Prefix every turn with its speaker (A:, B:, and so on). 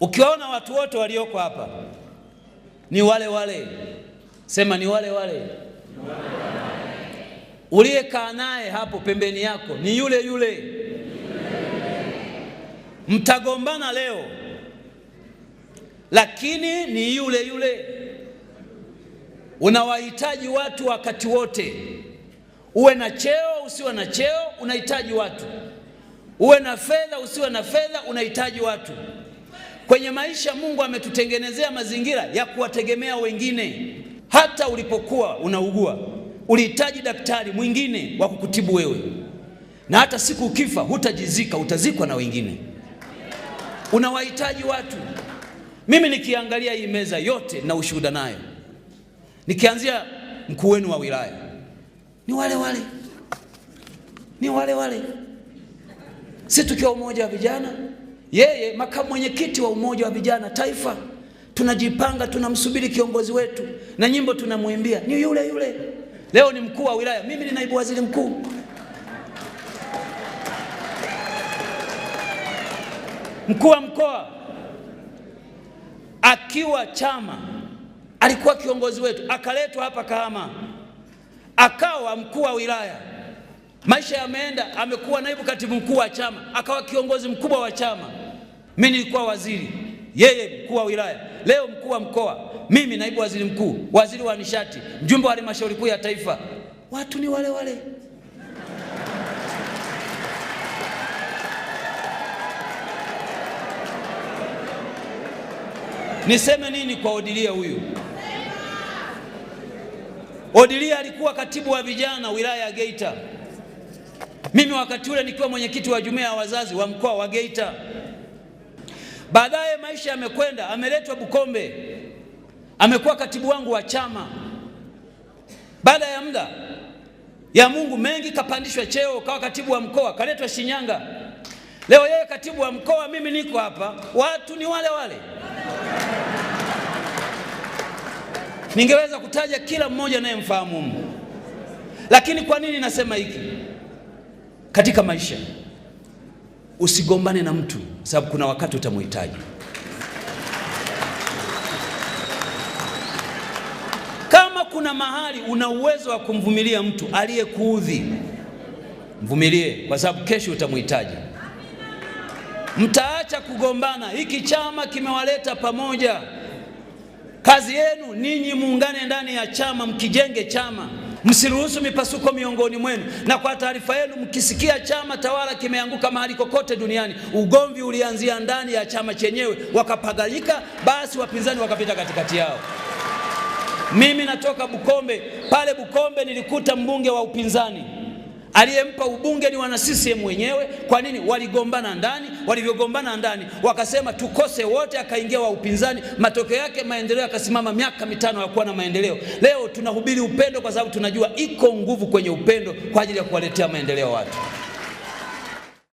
A: Ukiwaona watu wote walioko hapa ni wale wale, sema ni wale wale. Uliyekaa naye hapo pembeni yako ni yule yule, mtagombana leo lakini ni yule yule. Unawahitaji watu wakati wote, uwe na cheo usiwe na cheo, unahitaji watu, uwe na fedha usiwe na fedha, unahitaji watu. Kwenye maisha Mungu ametutengenezea mazingira ya kuwategemea wengine. Hata ulipokuwa unaugua ulihitaji daktari mwingine wa kukutibu wewe, na hata siku ukifa hutajizika, utazikwa na wengine. Unawahitaji watu. Mimi nikiangalia hii meza yote na ushuhuda nayo, nikianzia mkuu wenu wa wilaya, ni wale wale, ni wale wale, si tukiwa umoja wa vijana yeye makamu mwenyekiti wa umoja wa vijana taifa. Tunajipanga, tunamsubiri kiongozi wetu na nyimbo tunamwimbia ni yule yule. Leo ni mkuu wa wilaya, mimi ni naibu waziri mkuu. Mkuu wa mkoa akiwa chama alikuwa kiongozi wetu, akaletwa hapa Kahama akawa mkuu wa wilaya. Maisha yameenda, amekuwa naibu katibu mkuu wa chama, akawa kiongozi mkubwa wa chama mimi nilikuwa waziri, yeye mkuu wa wilaya, leo mkuu wa mkoa, mimi naibu waziri mkuu, waziri wa nishati, mjumbe wa halmashauri kuu ya taifa, watu ni wale wale. Niseme nini kwa Odilia huyu? Odilia alikuwa katibu wa vijana wilaya ya Geita, mimi wakati ule nikiwa mwenyekiti wa jumuiya ya wazazi wa mkoa wa Geita. Baadaye maisha yamekwenda, ameletwa Bukombe, amekuwa katibu wangu wa chama. Baada ya muda ya Mungu mengi, kapandishwa cheo, kawa katibu wa mkoa, kaletwa Shinyanga. Leo yeye katibu wa mkoa, mimi niko hapa, watu ni wale wale. Ningeweza kutaja kila mmoja anayemfahamu mu lakini kwa nini nasema hiki? Katika maisha usigombane na mtu sababu kuna wakati utamhitaji. Kama kuna mahali una uwezo wa kumvumilia mtu aliyekuudhi, mvumilie, kwa sababu kesho utamhitaji. Mtaacha kugombana. Hiki chama kimewaleta pamoja. Kazi yenu ninyi, muungane ndani ya chama, mkijenge chama msiruhusu mipasuko miongoni mwenu. Na kwa taarifa yenu, mkisikia chama tawala kimeanguka mahali kokote duniani, ugomvi ulianzia ndani ya chama chenyewe, wakapagalika, basi wapinzani wakapita katikati yao. Mimi natoka Bukombe, pale Bukombe nilikuta mbunge wa upinzani Aliyempa ubunge ni wana CCM wenyewe. Kwa nini? Waligombana ndani, walivyogombana ndani wakasema tukose wote, akaingia wa upinzani. Matokeo yake maendeleo yakasimama, miaka mitano hakuwa na maendeleo. Leo tunahubiri upendo, kwa sababu tunajua iko nguvu kwenye upendo kwa ajili ya kuwaletea maendeleo watu.